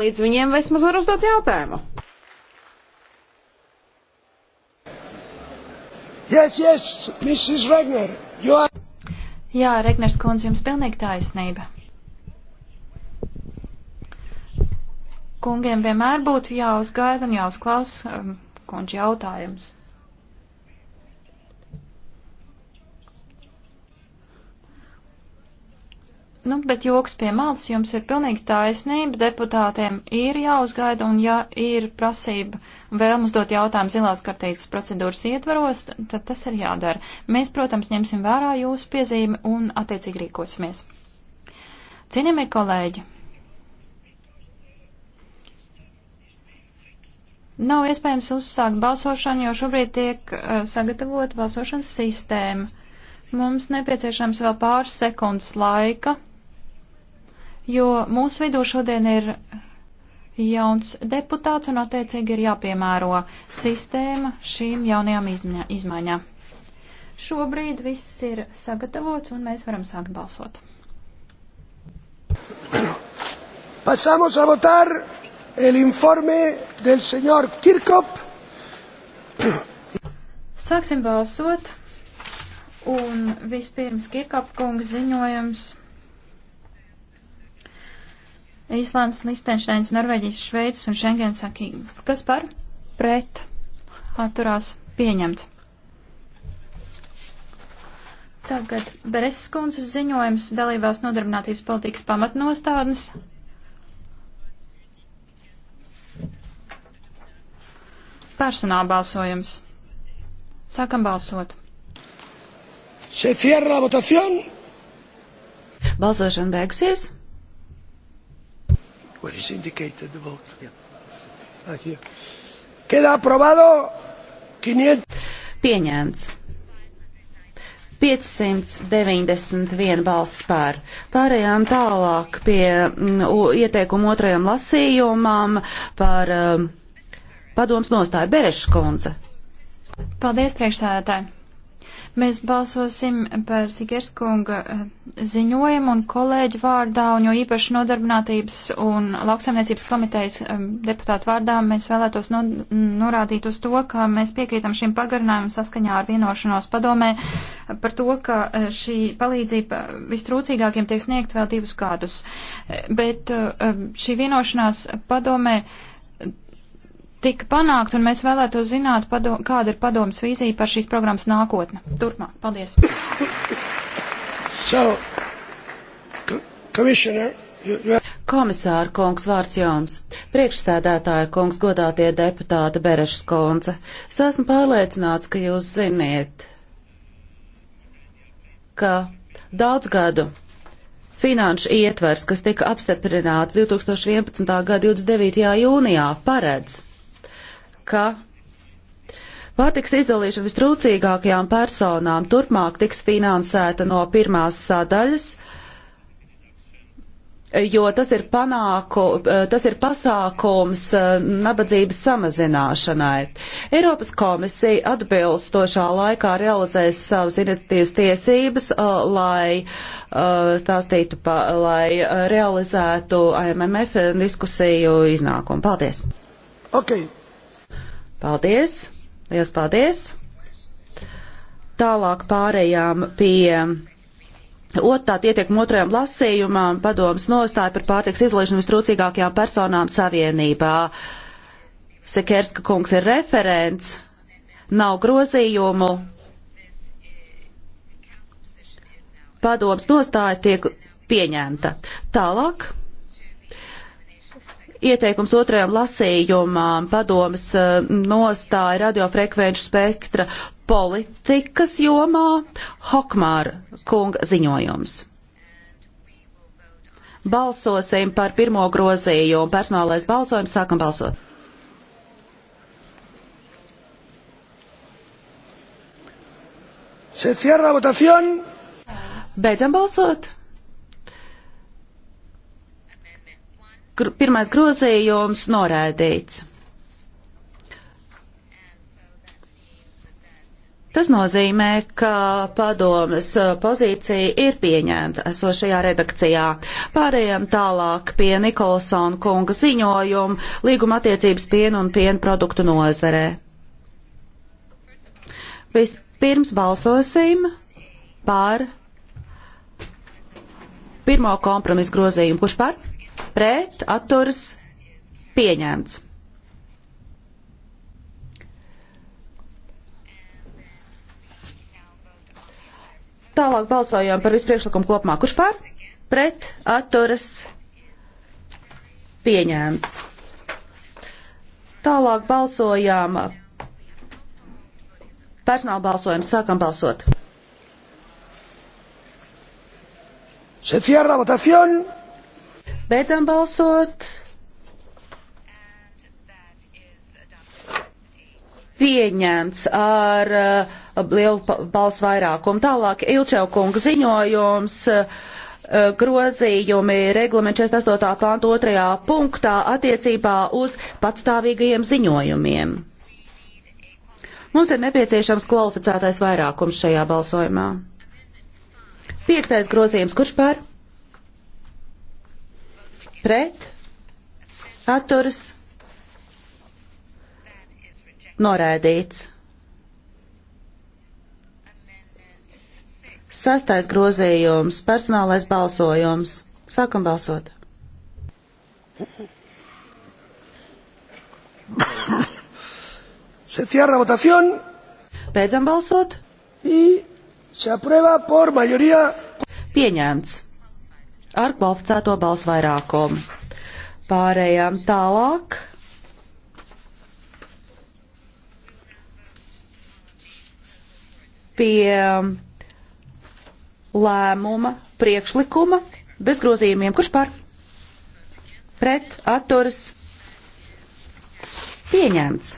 līdz viņiem vismaz var uzdot jautājumu. Yes, yes, Mrs. Regner, you are... Jā, Regners kundze, jums pilnīgi taisnība. Kungiem vienmēr būtu jāuzgaida un jāuzklaus um, kundze jautājums. Nu, bet joks pie malas jums ir pilnīgi taisnība. Deputātiem ir jāuzgaida, un ja ir prasība vēl mums dot jautājumu zilās kartītes procedūras ietvaros, tad tas ir jādara. Mēs, protams, ņemsim vērā jūsu piezīmi un attiecīgi rīkosimies. Cienījamie kolēģi! Nav iespējams uzsākt balsošanu, jo šobrīd tiek eh, sagatavota balsošanas sistēma. Mums nepieciešams vēl pāris sekundes laika jo mūsu vidū šodien ir jauns deputāts un attiecīgi ir jāpiemēro sistēma šīm jaunajām izmaiņām. Šobrīd viss ir sagatavots un mēs varam sākt balsot. Pasamos a votar el informe del señor Kirkop. Sāksim balsot un vispirms Kirkop kungs ziņojums. Īslandes, Lichtensteins, Norvēģijas, Šveicis un Schengens akī. Kas par? Pret. Atturās. Pieņemts. Tagad Bereses kundzes ziņojums dalībās nodarbinātības politikas pamatnostādnes. Personāla balsojums. Sākam balsot. Se cierra la votación. Balsošana beigusies. Where is indicated the vote? Yeah. Ah, here. Queda aprobado 500. Pieņemts. 591 balss pār. Pārējām tālāk pie mm, ieteikumu otrajam lasījumam par um, padoms nostāju Bereškundze. Paldies, priekšstādātāji! Mēs balsosim par Sigerskunga eh, ziņojumu un kolēģu vārdā, un jo īpaši nodarbinātības un lauksaimniecības komitejas eh, deputātu vārdā mēs vēlētos no, norādīt uz to, ka mēs piekrītam šim pagarinājumam saskaņā ar vienošanos padomē par to, ka eh, šī palīdzība vistrūcīgākiem tiek sniegt vēl divus gadus. Bet šī vienošanās padomē tika panākt, un mēs vēlētos zināt, padom, kāda ir padomas vīzija par šīs programmas nākotne. Turpmāk, paldies. So, you... Komisāra kungs vārds jums, priekšstādētāja kungs godātie deputāti Berešas konce. Es esmu pārliecināts, ka jūs ziniet, ka daudz gadu finanšu ietvers, kas tika apstiprināts 2011. gada 29. jūnijā, paredz ka Pārtiks izdalīšana vistrūcīgākajām personām turpmāk tiks finansēta no pirmās sadaļas, jo tas ir, panāku, tas ir pasākums eh, nabadzības samazināšanai. Eiropas komisija atbilstošā laikā realizēs savas iniciatīvas tiesības, eh, lai, eh, tītu, lai realizētu AMMF diskusiju iznākumu. Paldies! Okay. Paldies! Lielas paldies! Tālāk pārējām pie Otāt ietiekam otrajam lasījumam padomas nostāja par pārtiks izliešanu vistrūcīgākajām personām savienībā. Sekerska kungs ir referents, nav grozījumu. Padomas nostāja tiek pieņemta. Tālāk. Ieteikums otrajam lasījumam padomas eh, nostāja radiofrekvenču spektra politikas jomā Hokmāra kunga ziņojums. Balsosim par pirmo grozījumu. Personālais balsojums sākam balsot. Se cierra votación. Beidzam balsot. gr pirmais grozījums norēdīts. Tas nozīmē, ka padomas pozīcija ir pieņemta esošajā redakcijā. Pārējām tālāk pie Nikolsona kunga ziņojuma līguma attiecības pienu un pienu produktu nozarē. Vispirms balsosim par pirmo kompromisu grozījumu. Kurš par? pret atturas pieņemts. Tālāk balsojām par visu priekšlikumu kopumā. Kurš par? Pret atturas pieņemts. Tālāk balsojām personāla balsojumu. Sākam balsot. Se cierra votación. Beidzam balsot. Pieņemts ar uh, lielu balsu vairākumu. Tālāk Ilčevkunga ziņojums. Uh, grozījumi reglamenta 48. pānta 2. punktā attiecībā uz patstāvīgajiem ziņojumiem. Mums ir nepieciešams kvalificētais vairākums šajā balsojumā. Piektais grozījums, kurš par? pret, atturas, noraidīts. Sastais grozījums - personālais balsojums. Sākam balsot. Se cierra votación. Beidzam balsot. Y se aprueba por mayoría. Pieņemts ar kvalificēto balsu vairākumu. Pārējām tālāk. Pie lēmuma priekšlikuma bez grozījumiem. Kurš par? Pret atturas pieņemts.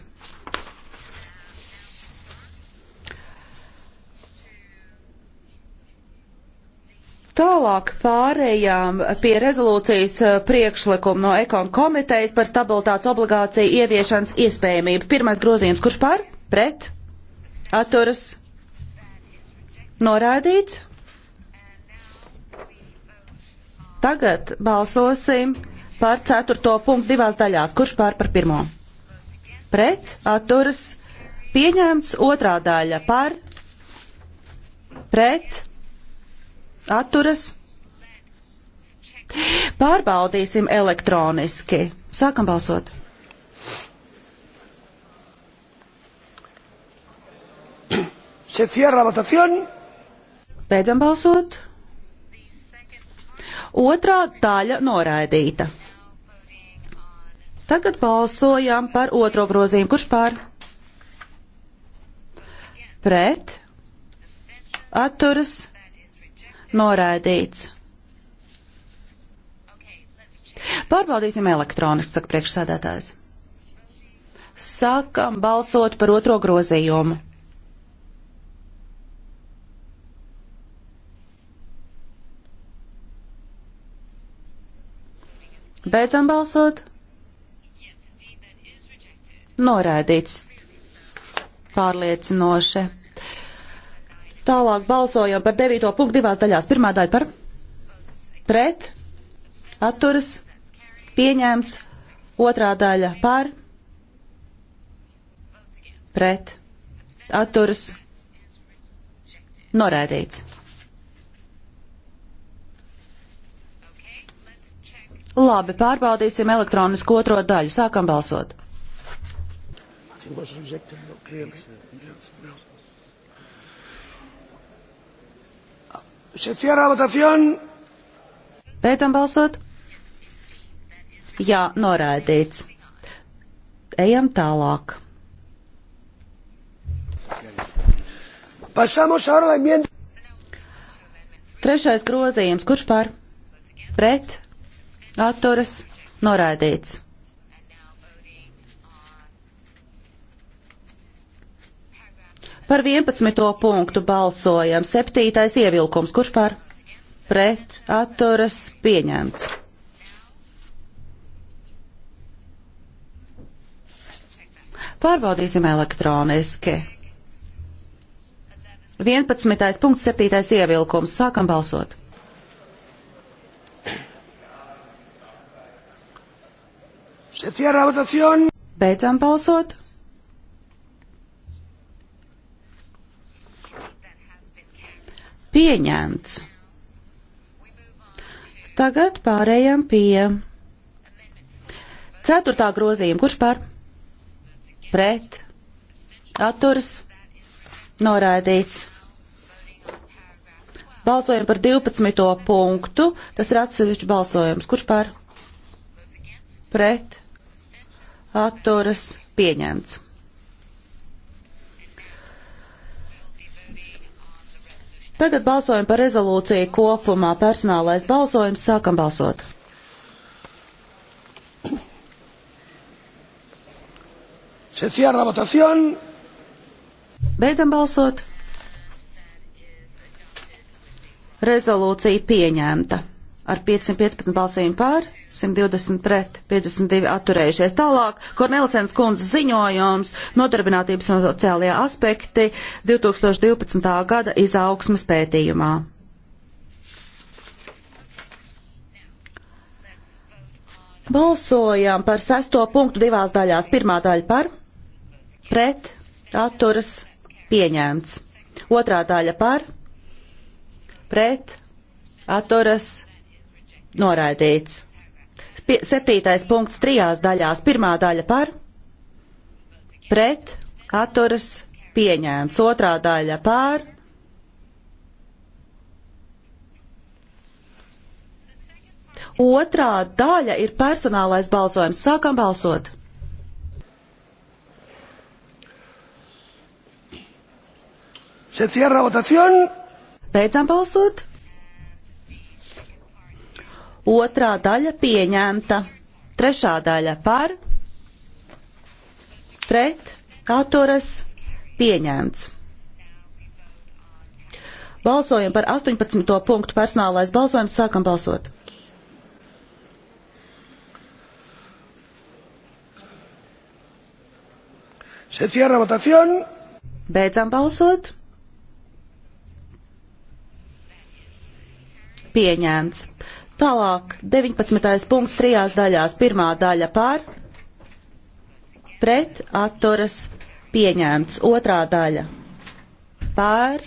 Tālāk pārējām pie rezolūcijas eh, priekšlikuma no Ekon komitejas par stabilitātes obligāciju ieviešanas iespējamību. Pirmais grozījums, kurš par? Pret? Atturas? Norādīts? Tagad balsosim par ceturto punktu divās daļās. Kurš pār par pirmo? Pret? Atturas? Pieņemts otrā daļa par? Pret? atturas. Pārbaudīsim elektroniski. Sākam balsot. Se cierra votación. Beidzam balsot. Otrā daļa noraidīta. Tagad balsojam par otro grozījumu. Kurš pār? Pret? Atturas? Noraidīts. Pārbaudīsim elektroniski, saka priekšsēdētājs. Sākam balsot par otro grozījumu. Beidzam balsot. Noraidīts. Pārliecinoši. Tālāk balsojam par 9. punktu divās daļās. Pirmā daļa par pret, atturas, pieņemts. Otrā daļa par pret, atturas, norēdīts. Labi, pārbaudīsim elektronisku otro daļu. Sākam balsot. I think it was rejected, not clearly. Yes, yes, yes. Beidzam balsot. Jā, norādīts. Ejam tālāk. Trešais grozījums. Kurš par? Pret? Atturas? Norādīts. Par 11. punktu balsojam. Septītais ievilkums. Kurš par? Pret atturas pieņemts. Pārbaudīsim elektroniski. 11. punkts, 7. ievilkums. Sākam balsot. Beidzam balsot. pieņemts. Tagad pārējām pie ceturtā grozījuma. Kurš par? Pret. Atturs. Noraidīts. Balsojam par 12. punktu. Tas ir atsevišķi balsojums. Kurš par? Pret. Atturas. Pieņemts. Tagad balsojam par rezolūciju kopumā. Personālais balsojums. Sākam balsot. Se cierra votación. Beidzam balsot. Rezolūcija pieņemta ar 515 balsīm pār, 120 pret, 52 atturējušies. Tālāk, Kornelisens kundzes ziņojums, nodarbinātības un sociālajie aspekti 2012. gada izaugsmas pētījumā. Balsojam par sesto punktu divās daļās. Pirmā daļa par, pret, atturas, pieņemts. Otrā daļa par, pret, atturas, pieņemts Noraidīts. P septītais punkts trijās daļās. Pirmā daļa par, pret, atturas, pieņēmts. Otrā daļa par. Otrā daļa ir personālais balsojums. Sākam balsot. Se cierra votación. Beidzam balsot otrā daļa pieņemta, trešā daļa par, pret, atturas, pieņemts. Balsojam par 18. punktu personālais balsojums, sākam balsot. Se cierra votación. Beidzam balsot. Pieņemts. Tālāk, 19. punkts trijās daļās. Pirmā daļa par, pret, atturas, pieņemts. Otrā daļa par,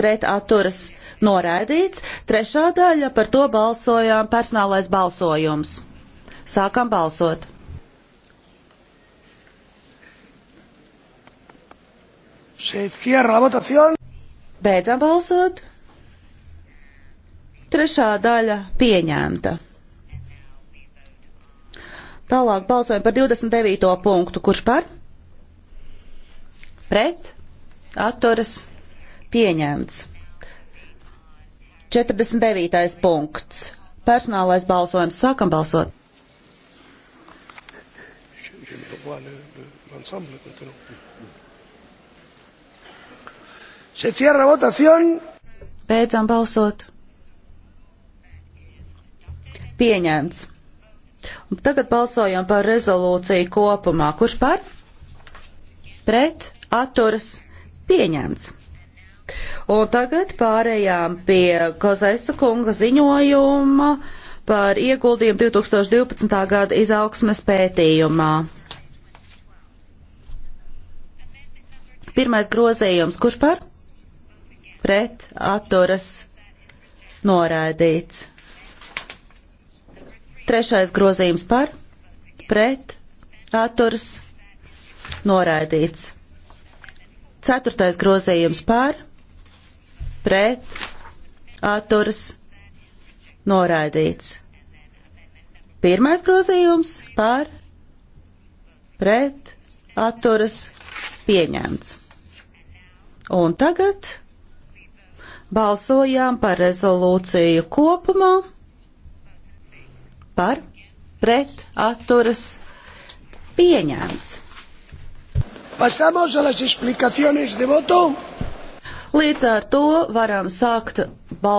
pret, atturas, noraidīts. Trešā daļa par to balsojām personālais balsojums. Sākam balsot. Se cierra la votación. Beidzam balsot. Trešā daļa pieņemta. Tālāk balsojam par 29. punktu. Kurš par? Pret? Atturas? Pieņemts. 49. punkts. Personālais balsojums. Sākam balsot. Se cierra votación. Beidzam balsot. Pieņemts. Un tagad balsojam par rezolūciju kopumā. Kurš par? Pret, atturas, pieņemts. Un tagad pārējām pie Kozesa kunga ziņojuma par ieguldījumu 2012. gada izaugsmes pētījumā. Pirmais grozījums, kurš par? pret atturas noraidīts. Trešais grozījums par pret atturas noraidīts. Ceturtais grozījums par pret atturas noraidīts. Pirmais grozījums par pret atturas pieņemts. Un tagad Balsojām par rezolūciju kopumā, par, pret, atturas, pieņemts. Pasamos a las explicaciones de voto. Līdz ar to varam sākt balsot.